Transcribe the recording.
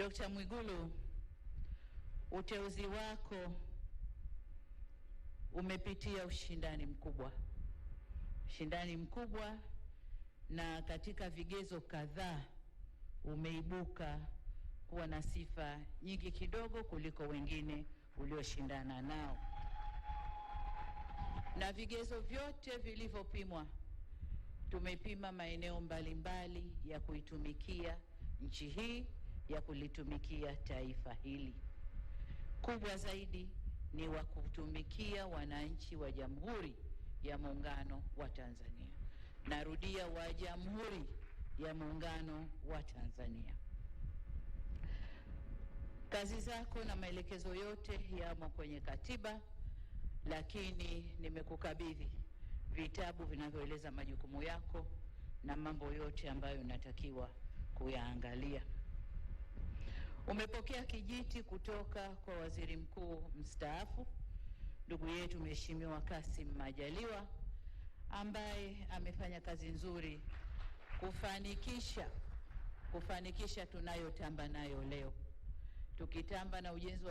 Dkt. Mwigulu, uteuzi wako umepitia ushindani mkubwa, ushindani mkubwa, na katika vigezo kadhaa umeibuka kuwa na sifa nyingi kidogo kuliko wengine ulioshindana nao, na vigezo vyote vilivyopimwa, tumepima maeneo mbalimbali ya kuitumikia nchi hii ya kulitumikia taifa hili. Kubwa zaidi ni wa kutumikia wananchi wa Jamhuri ya Muungano wa Tanzania. Narudia, wa Jamhuri ya Muungano wa Tanzania. Kazi zako na maelekezo yote yamo kwenye katiba, lakini nimekukabidhi vitabu vinavyoeleza majukumu yako na mambo yote ambayo unatakiwa kuyaangalia. Umepokea kijiti kutoka kwa waziri mkuu mstaafu ndugu yetu Mheshimiwa Kassim Majaliwa ambaye amefanya kazi nzuri kufanikisha kufanikisha tunayotamba nayo leo, tukitamba na ujenzi wa